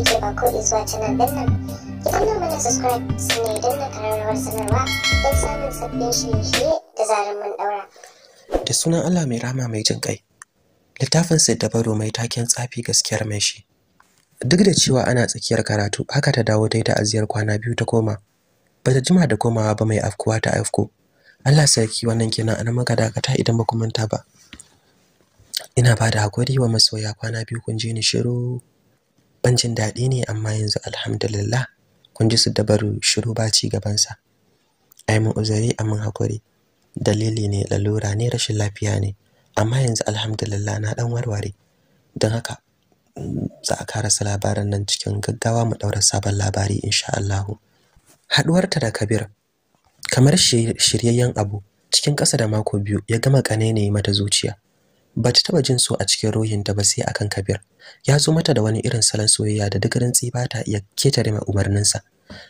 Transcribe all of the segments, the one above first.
yake ba ko zuwa canal nan mana subscribe sannan idan na kararrawar sanarwa don samun sabbin da zarar da sunan Allah mai rama mai jin kai littafin siddabaru mai taken tsafi gaskiyar mai shi duk da cewa ana tsakiyar karatu haka ta dawo dai da aziyar kwana biyu ta koma bata jima da komawa ba mai afkuwa ta afko Allah sarki wannan kenan an maka dakata idan ba ku manta ba ina ba da hakuri wa masoya kwana biyu kun je ni shiru ban jin daɗi ne amma yanzu alhamdulillah kun ji su dabaru shiru ba ci gabansa ai mun uzuri a mun hakuri dalili ne lalura ne rashin lafiya ne amma yanzu alhamdulillah na ɗan warware don haka mm, za a karasa labaran nan cikin gaggawa mu daura sabon labari insha Allah haɗuwarta da Kabir kamar shiryayyen abu cikin ƙasa da mako biyu ya gama ƙanene mata zuciya Bata ta taɓa jin so a cikin ruhin ruhinta ba sai akan kabir ya zo mata da wani irin salon soyayya da duk rantsi ba ta iya ketare mai sa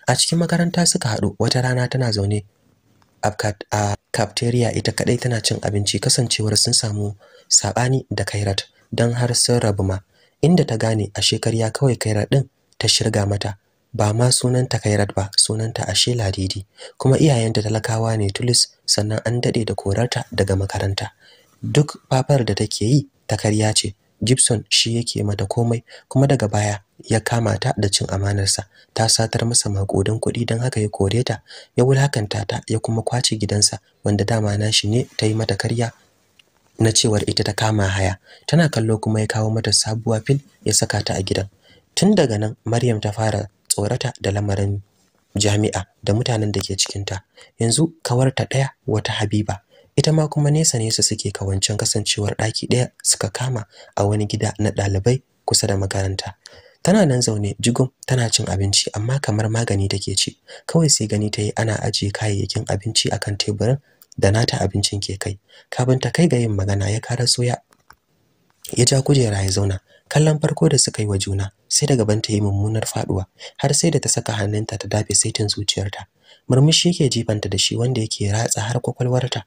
a cikin makaranta suka haɗu wata rana tana zaune a cafeteria ita kadai tana cin abinci kasancewar sun samu sabani da Kairat dan har sun rabu ma inda ta gane a shekarya kawai Kairat din ta shirga mata ba ma sunan ta Kairat ba sunanta Ashe Ladidi kuma iyayenta talakawa ne Tulis sannan an dade da korarta daga makaranta duk fafar da take yi ta karya ce Gibson shi yake mata komai kuma daga baya ya kama ta da cin amanarsa ta satar masa makudin kuɗi don haka ya kore ta ya wulakanta ta ya kuma kwace gidansa wanda dama na shi ne ta yi mata karya na cewar ita ta kama haya tana kallo kuma ya kawo mata sabuwa fil ya saka ta a gidan tun daga nan Maryam ta fara tsorata da lamarin jami'a da mutanen da ke cikinta yanzu kawarta ɗaya wata Habiba ita ma kuma nesa ne su suke kawancin kasancewar ɗaki ɗaya suka kama a wani gida na ɗalibai kusa da makaranta tana nan zaune jigum tana cin abinci amma kamar magani take ci kawai sai gani ta yi ana ajiye kayayyakin abinci akan teburin da nata abincin ke kai kafin ta kai ga yin magana ya karaso soya. ya ja kujera ya zauna kallon farko da suka yi wa juna sai da gaban ta yi mummunar faduwa har sai da ta saka hannunta ta dafe saitin zuciyarta murmushi yake jifanta da shi wanda yake ratsa har kwakwalwarta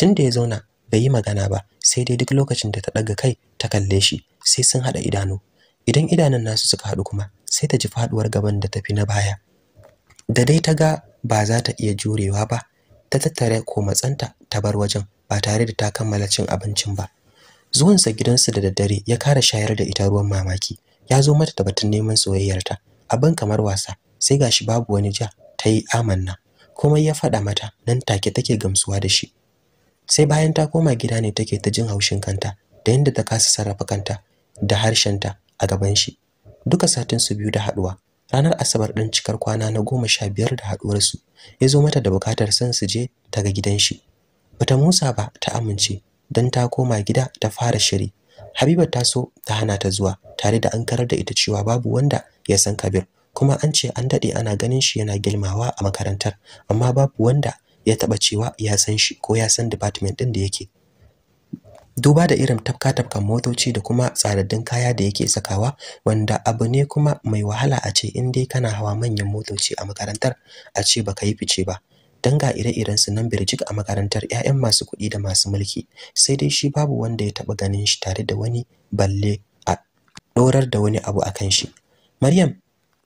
tun da ya zauna bai yi magana ba sai dai duk lokacin da ta ɗaga kai ta kalle shi sai sun haɗa idanu idan idanun nasu suka haɗu kuma sai ta ji faɗuwar gaban da tafi na baya da dai ta ga ba za ta iya jurewa ba ta tattare ko matsanta ta bar wajen ba tare da ta kammala cin abincin ba zuwansa gidansu da daddare ya kara shayar da ita ruwan mamaki ya zo mata da batun neman soyayyarta abin kamar wasa sai gashi babu wani ja ta yi amanna komai ya faɗa mata nan take take gamsuwa da shi sai bayan ta koma gida ne take ta jin haushin kanta da yadda ta kasa sarrafa kanta da harshenta a gaban shi duka satin su biyu da haduwa ranar asabar din cikar kwana na goma sha biyar da haduwar su ya zo mata da bukatar son su je daga gidan shi bata musa ba ta amince don ta koma gida ta fara shiri habiba ta so ta hana ta zuwa tare da an karar da ita cewa babu wanda ya san kabir kuma an ce an dade ana ganin shi yana gilmawa a makarantar amma babu wanda ya taɓa cewa ya san shi ko ya san department ɗin da yake duba da irin tafka-tafkan motoci da kuma tsadaddun kaya da yake sakawa wanda abu ne kuma mai wahala a ce in dai kana hawa manyan motoci a makarantar a ce baka yi fice ba dan ga ire-iren su nan birjik a makarantar 'ya'yan masu kuɗi da masu mulki sai dai shi babu wanda ya taɓa ganin shi tare da wani balle a ɗorar da wani abu akan shi maryam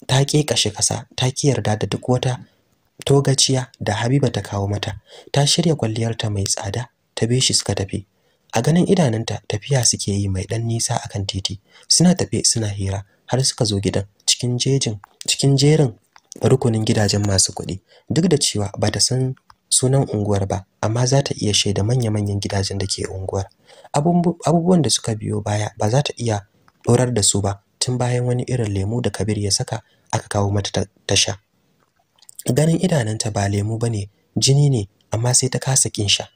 ta ke kashe kasa ta ki yarda da duk wata togaciya da Habiba ta kawo mata ta shirya kwalliyarta mai tsada ta beshi suka tafi a ganin idanunta tafiya suke yi mai dan nisa akan titi suna tafe suna hira har suka zo gidan cikin jejin cikin jerin rukunin gidajen masu kuɗi duk da cewa ba ta san sunan unguwar ba amma za ta iya shaida manya-manyan gidajen da ke unguwar abubuwan da suka biyo baya ba za ta iya ɗorar da su ba tun bayan wani irin lemu da kabir ya saka aka kawo mata tasha ganin idanunta ba lemu bane jini ne amma sai ta kasa kinsha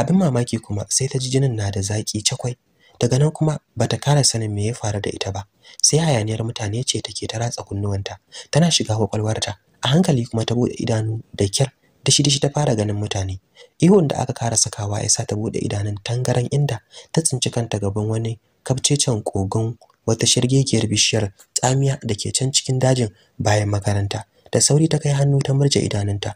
abin mamaki kuma sai ta ji jinin na da zaki cakwai daga nan kuma bata kara sanin me ya faru da ita ba sai hayaniyar mutane ce take ta ratsa kunnuwanta tana shiga kwakwalwarta a hankali kuma ta bude idanu da kyar shi dishi ta fara ganin mutane ihun da aka kara sakawa ya sa ta bude idanun tangaran inda ta tsinci kanta gaban wani kabcecen kogon wata shirgegiyar bishiyar tsamiya da ke can cikin dajin bayan makaranta da sauri ta kai hannu ta murje idanunta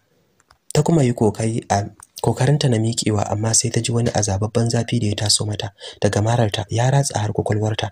ta kuma yi kokari a kokarinta na mikewa amma sai ta ji wani azababban zafi da ya taso mata daga mararta ya ratsa har kwakwalwarta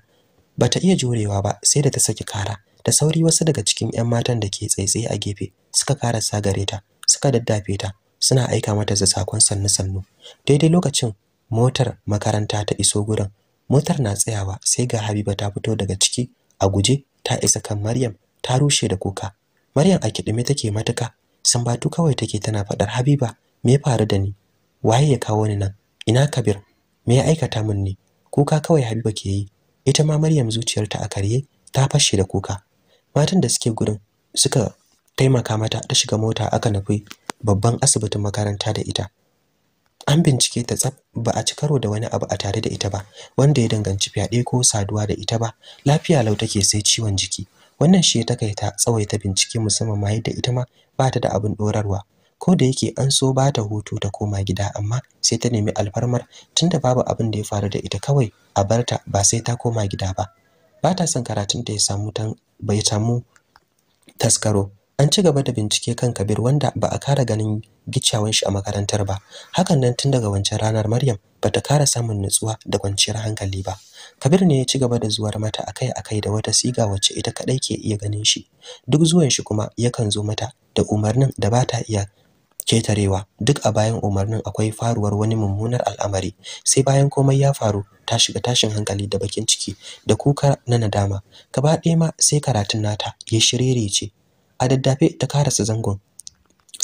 bata iya jurewa ba sai da ta saki kara da sauri wasu daga cikin 'yan matan da ke tsaitsaye a gefe suka karasa gare ta suka daddafe ta suna aika mata da sakon sannu-sannu daidai lokacin motar makaranta ta iso gurin motar na tsayawa sai ga habiba ta fito daga ciki a guje ta isa kan maryam ta rushe da kuka Maryam a me take matuka sambatu kawai take tana faɗar Habiba me ya faru da ni waye ya kawo ni nan ina Kabir me ya aikata min ne kuka kawai Habiba ke yi ita ma Maryam zuciyarta a karye ta fashe da kuka matan da suke gurin suka taimaka mata ta shiga mota aka nufi babban asibitin makaranta da ita an bincike ta tsaf ba a ci karo da wani abu a tare da ita ba wanda ya danganci fyaɗe ko saduwa da ita ba lafiya lau take sai ciwon jiki wannan shi ya takaita tsawaita bincike musamman ma yadda ita ma ba ta da abin dorarwa ko da yake an so ba ta hutu ta koma gida amma sai ta nemi alfarmar tunda babu abin da ya faru da ita kawai a barta ba sai ta koma gida ba ba ta son karatun ta ya samu tan bai samu taskaro an ci gaba da bincike kan kabir wanda ba a kara ganin gicciyawan shi a makarantar ba hakan nan tun daga wancan ranar maryam bata ta kara samun nutsuwa da kwanciyar hankali ba kabir ne ya ci gaba da zuwar mata akai-akai da wata siga wacce ita kadai ke iya ganin shi duk zuwan shi kuma yakan zo mata da umarnin da ba ta iya ketarewa duk a bayan umarnin akwai faruwar wani mummunar al'amari sai bayan komai ya faru ta shiga tashin hankali da bakin ciki da kuka na nadama gaba ɗaya ma sai karatun nata ya shiririce a daddafe ta karasa zangon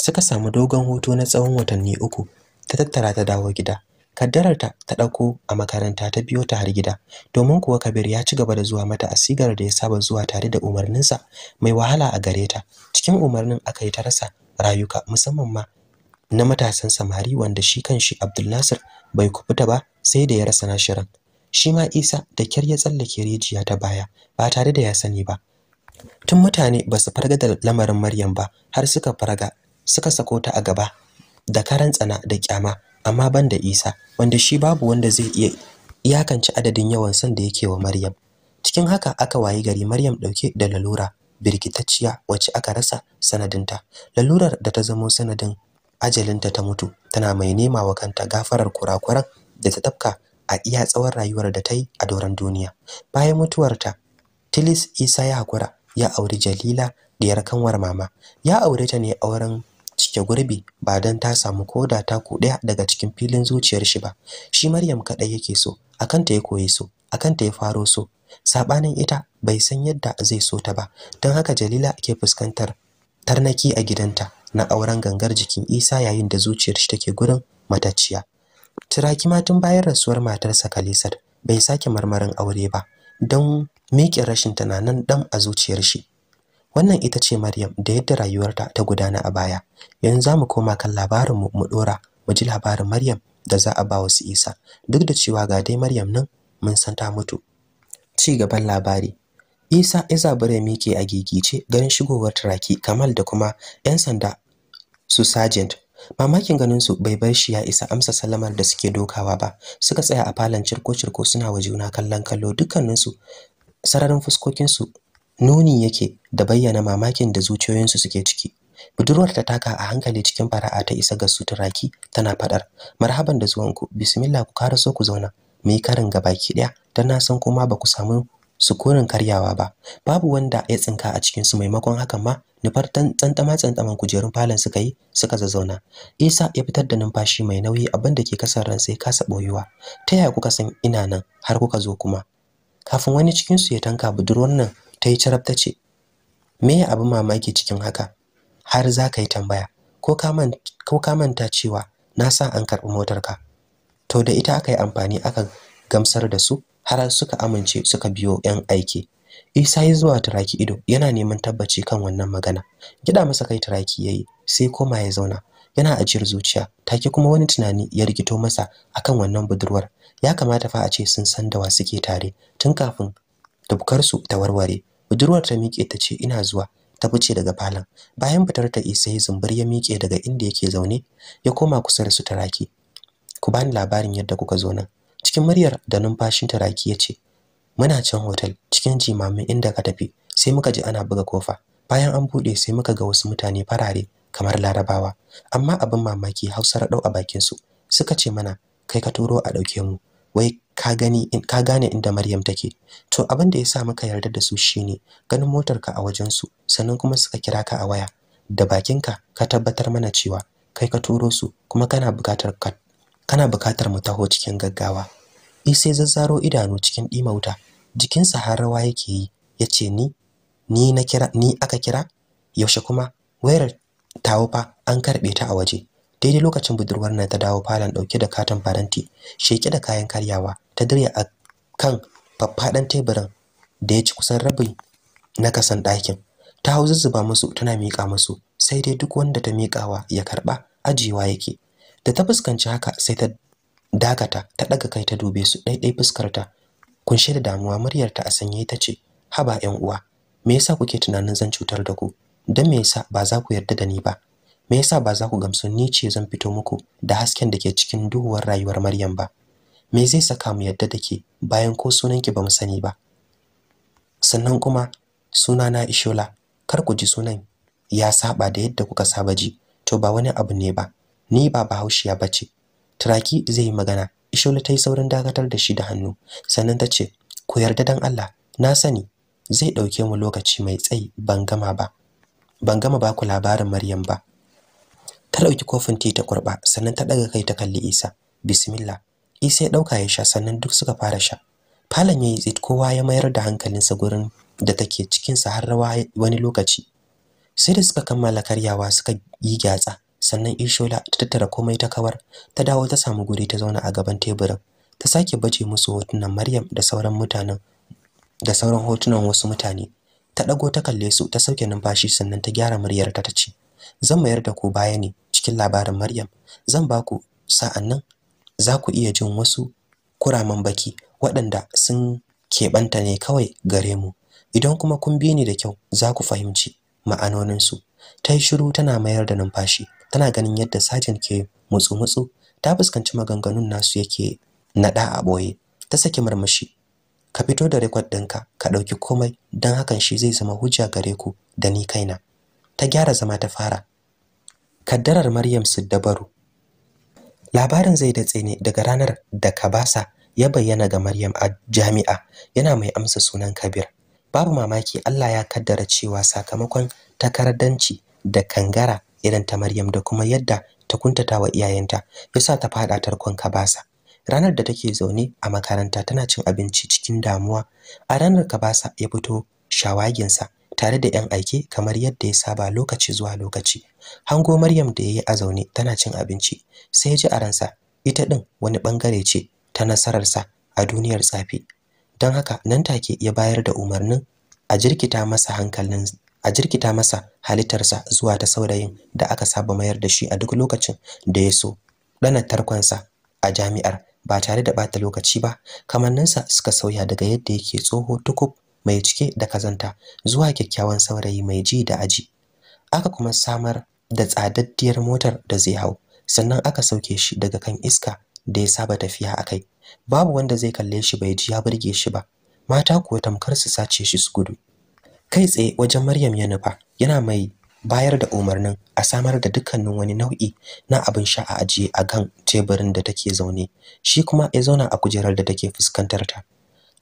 suka samu dogon hoto na tsawon watanni uku ta tattara ta dawo gida kaddararta ta ɗauko a makaranta ta biyo ta har gida domin kuwa kabir ya ci gaba da zuwa mata asigar da ya saba zuwa tare da umarninsa mai wahala a gare ta cikin umarnin aka yi ta rasa rayuka musamman ma na matasan samari wanda shi kanshi abdulnasir bai kufuta ba sai da ya rasa nashirin shi ma isa da kyar ya tsallake rijiya ta baya ba tare da ya sani ba tun mutane ba su farga da lamarin Maryam ba har suka farga suka sako ta a gaba da karan tsana da kyama amma ban da Isa wanda shi babu wanda zai iya iyakance adadin yawan son da yake wa Maryam cikin haka aka wayi gari Maryam dauke da lalura birkitacciya wacce aka rasa sanadinta lalurar da ta zamo sanadin ajalinta ta mutu tana mai nema wa kanta gafarar kurakuran da ta tafka a iya tsawon rayuwar da ta yi a doron duniya bayan mutuwarta Tilis Isa ya hakura ya auri Jalila diyar kanwar mama ya aure ta ne auren cike gurbi ba dan ta samu koda ta ɗaya daga cikin filin zuciyar shi ba shi Maryam kadai yake so akan ta ya koyi so akan ta ya faro so sabanin ita bai san yadda zai so ta ba dan haka Jalila ke fuskantar tarnaki a gidanta na auren gangar jikin Isa yayin da zuciyar shi take gurin mataciya. Turaki ma tun bayan rasuwar matarsa Kalisar bai sake marmarin aure ba don miƙe rashin tunanin ɗan a zuciyar shi wannan ita ce Maryam da yadda rayuwarta ta gudana a baya yanzu za mu koma kan labarin mu mu dora mu ji labarin Maryam da za a ba wa su Isa duk da cewa ga dai Maryam nan mun san ta mutu ci gaban labari Isa Izabure Mike a gigice ganin shigowar Turaki Kamal da kuma 'yan sanda su sergeant mamakin ganin su bai bar shi ya isa amsa salamar da suke dokawa ba suka tsaya a falon cirko cirko suna wa juna kallon kallo dukkaninsu. sararin fuskokinsu nuni yake da bayyana mamakin da zuciyoyinsu suke ciki budurwar ta taka a hankali cikin fara'a ta isa ga suturaki tana fadar marhaban da zuwanku bismillah ku so ku zauna Me yi karin gabaki daya dan na san kuma ba ku samu sukunin karyawa ba babu wanda ya tsinka a cikinsu maimakon hakan ma nufar tsantsama tsantsaman kujerun falon suka yi suka zauna. isa ya fitar da numfashi mai nauyi abin da ke kasar ran sai kasa boyuwa ta yaya kuka san ina nan har kuka zo kuma kafin wani cikin su ya tanka budurwar nan ta yi carab ta ce me ya abu mamaki cikin haka har za ka yi tambaya ko ka manta cewa na sa an karɓi ka to da ita aka yi amfani aka gamsar da su har suka amince suka biyo 'yan aiki isa ya zuwa turaki ido yana neman tabbaci kan wannan magana gida masa kai turaki ya yi sai koma ya zauna yana ajiyar zuciya take kuma wani tunani ya rikito masa akan wannan budurwar ya kamata fa a ce sun san da wa suke tare tun kafin tubkar su ta warware budurwar ta miƙe ta ce ina zuwa ta fice daga falon bayan fitar ta isa yi zumbur ya miƙe daga inda yake zaune ya koma kusa da su taraki ku bani labarin yadda kuka zo nan cikin muryar da numfashin taraki ya ce muna can hotel cikin jimamin inda ka tafi sai muka ji ana buga kofa bayan an buɗe sai muka ga wasu mutane farare kamar larabawa amma abin mamaki Hausa raɗau a bakinsu suka ce mana kai ka turo a ɗauke mu wai ka gani ka gane inda Maryam take to abin da sa muka yarda da su shine ganin motarka a wajen su sannan kuma suka kira ka a waya da bakinka ka tabbatar mana cewa kai ka turo su kuma kana bukatar kana bukatar mu taho cikin gaggawa sai zazzaro idanu cikin jikin jikinsa har rawa yake yi yace ni ni na kira ni aka kira yaushe kuma wayar tawo fa an karbe ta a waje daidai lokacin budurwar nan ta dawo falon dauke da katon faranti sheke da kayan karyawa ta dirya a kan faffadan teburin da ya ci kusan rabin na kasan ɗakin ta hau zuzzuba musu tana miƙa musu sai dai duk wanda ta miƙawa ya karɓa ajiyewa yake da ta fuskanci haka sai ta dakata ta ɗaga kai ta dube su ɗaiɗai fuskarta kunshe da damuwa muryarta a sanye ta ce haba 'yan uwa me yasa kuke tunanin zan cutar da ku don me yasa ba za ku yarda da ni ba me yasa ba za ku gamsu ni ce zan fito muku da hasken da ke cikin duhuwar rayuwar Maryam ba me zai saka mu yadda take bayan ko sunanki ba mu sani ba sannan kuma suna na Ishola kar ku ji sunan ya saba da yadda kuka saba ji to ba wani abu ne ba ni ba bahaushiya bace turaki zai yi magana Ishola ta yi saurin dakatar da shi da hannu sannan ta ce ku yarda dan Allah na sani zai ɗauke mu lokaci mai tsayi ban gama ba ban gama ba ku labarin Maryam ba ta dauki kofin tea ta kurba sannan ta daga kai ta kalli Isa bismillah Isa ya dauka ya sha sannan duk suka fara sha falon yayi tsit kowa ya mayar da hankalinsa gurin da take cikin sa har rawa wani lokaci sai da suka kammala karyawa suka yi gyatsa sannan Ishola ta tattara komai ta kawar ta dawo ta samu guri ta zauna a gaban teburin ta sake baje musu hotunan Maryam da sauran mutanen da sauran hotunan wasu mutane ta dago ta kalle su ta sauke numfashi sannan ta gyara muryarta ta ce zan mayar da ku baya ne cikin labarin Maryam zan ba ku sa'annan za ku iya jin wasu kuraman baki waɗanda sun keɓanta ne kawai gare mu idan kuma kun bi ni da kyau za ku fahimci ma'anoninsu ta yi shiru tana mayar da numfashi tana ganin yadda sajin ke mutsu-mutsu ta fuskanci maganganun nasu yake naɗa a ɓoye ta saki marmashi ka fito da rekod ɗinka ka ɗauki komai don hakan shi zai zama hujja gare ku da ni kaina ta gyara zama ta fara kaddarar maryam siddabaru labarin zai datse ne daga ranar da kabasa ya bayyana ga maryam a jami'a yana mai amsa sunan kabir babu mamaki allah ya kaddara cewa sakamakon takardanci da kangara irin ta maryam da kuma yadda ta kuntata wa iyayenta yasa ta faɗa tarkon kabasa ranar da take zaune a makaranta tana cin abinci cikin damuwa a ranar kabasa ya fito shawaginsa tare da 'yan aike kamar yadda ya saba lokaci zuwa lokaci. Hango Maryam da ya yi a zaune tana cin abinci sai ji a ransa ita din wani bangare ce ta nasararsa a duniyar tsafi. Don haka nan take ya bayar da umarnin a jirkita masa a jirkita masa halittarsa zuwa ta saurayin da aka saba mayar da shi a duk lokacin da ya so. Ɗana tarkonsa a jami'ar ba tare da ɓata lokaci ba kamanninsa suka sauya daga yadda yake tsoho tukub mai cike da kazanta zuwa kyakkyawan saurayi mai ji da aji aka kuma samar da tsadaddiyar motar da zai hau sannan aka sauke shi daga kan iska da ya saba tafiya a kai babu wanda zai kalle shi bai ji ya burge shi ba mata kuwa tamkar su sace shi su gudu kai tsaye wajen Maryam ya nufa yana mai bayar da umarnin a samar da dukkanin wani nau'i na abin sha a ajiye a gan teburin da take zaune shi kuma ya zauna a kujerar da take fuskantar ta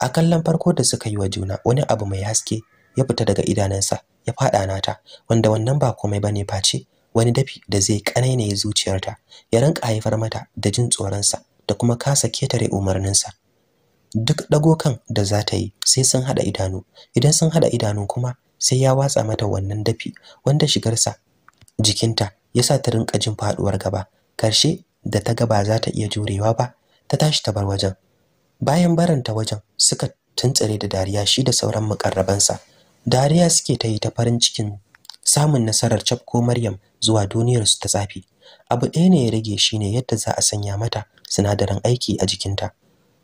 a kallon farko da suka yi wa juna wani abu mai haske ya fita daga idanunsa ya fada nata wanda wannan ba komai bane face wani dafi da zai kanainaye zuciyarta ya rinka haifar mata da jin tsoronsa da kuma kasa ketare umarninsa duk dago kan da za ta yi sai sun hada idanu idan sun hada idanu kuma sai ya watsa mata wannan dafi wanda shigarsa jikinta ya sa ta rinka jin faduwar gaba karshe da ta ga ba za ta iya jurewa ba ta tashi ta bar wajen bayan baranta wajen suka tuntsare da dariya shi da sauran mukarrabansa dariya suke ta yi ta farin cikin samun nasarar cafko Maryam zuwa duniyar su ta tsafi abu ɗaya ne ya rage shine yadda za a sanya mata sinadarin aiki a jikinta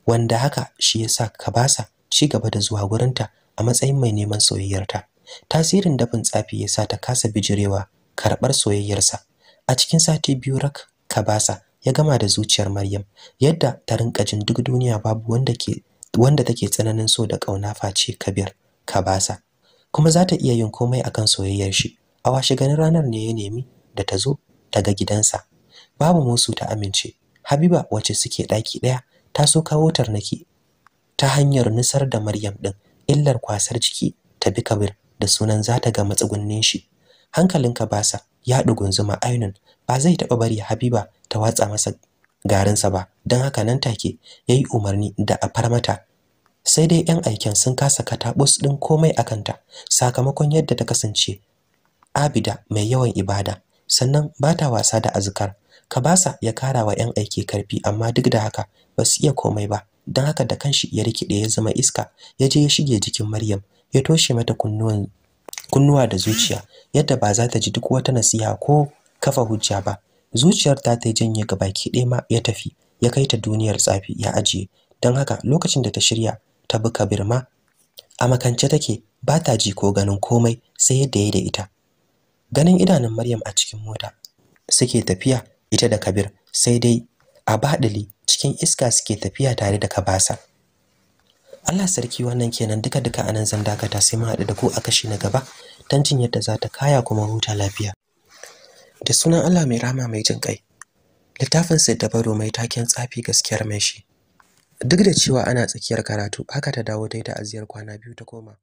wanda haka shi yasa sa ci gaba da zuwa gurinta a matsayin mai neman soyayyarta tasirin dafin tsafi ya sa ta kasa bijirewa karɓar soyayyarsa a cikin sati biyu rak ka ba sa. ya gama da zuciyar Maryam yadda ta rinka jin duk duniya babu wanda ke wanda take tsananin so da kauna face Kabir Kabasa kuma za ta iya yin komai akan soyayyar shi a washe ganin ranar ne ya nemi da ta zo ta ga gidansa babu musu ta amince Habiba wacce suke daki daya ta so kawo tarnaki ta hanyar nusar da Maryam din illar kwasar jiki ta bi Kabir da sunan za ta ga matsugunnin shi hankalin Kabasa ya dugunzuma ainun ba zai taɓa bari Habiba ta watsa masa garinsa ba don haka nan take ya yi umarni da a far mata sai dai 'yan aiken sun kasa katabus ɗin komai a kanta sakamakon yadda ta kasance abida mai yawan ibada sannan ba ta wasa da azkar ka sa ya kara wa 'yan aiki karfi amma duk da haka ba su iya komai ba don haka da kanshi ya rikide ya zama iska ya je ya shige jikin maryam ya toshe mata kunnuwa da zuciya yadda ba za ta ji duk wata nasiha ko kafa hujja ba zuciyar ta ta janye ga baki ɗaya ma ya tafi ya kai ta duniyar tsafi ya ajiye don haka lokacin da ta shirya ta bi kabirma. a makance take ba ta ji ko ganin komai sai yadda ya da ita ganin idanun maryam a cikin mota suke tafiya ita da kabir sai dai a badali cikin iska suke tafiya tare da kabasa Allah sarki wannan kenan duka duka anan zan dakata sai mun haɗu da ku a kashi na gaba tantin yadda za ta kaya kuma huta lafiya da sunan Allah mai rama mai jin kai littafin siddabaro mai taken tsafi gaskiyar mai shi duk da cewa ana tsakiyar karatu haka ta dawo dai da aziyar kwana biyu ta koma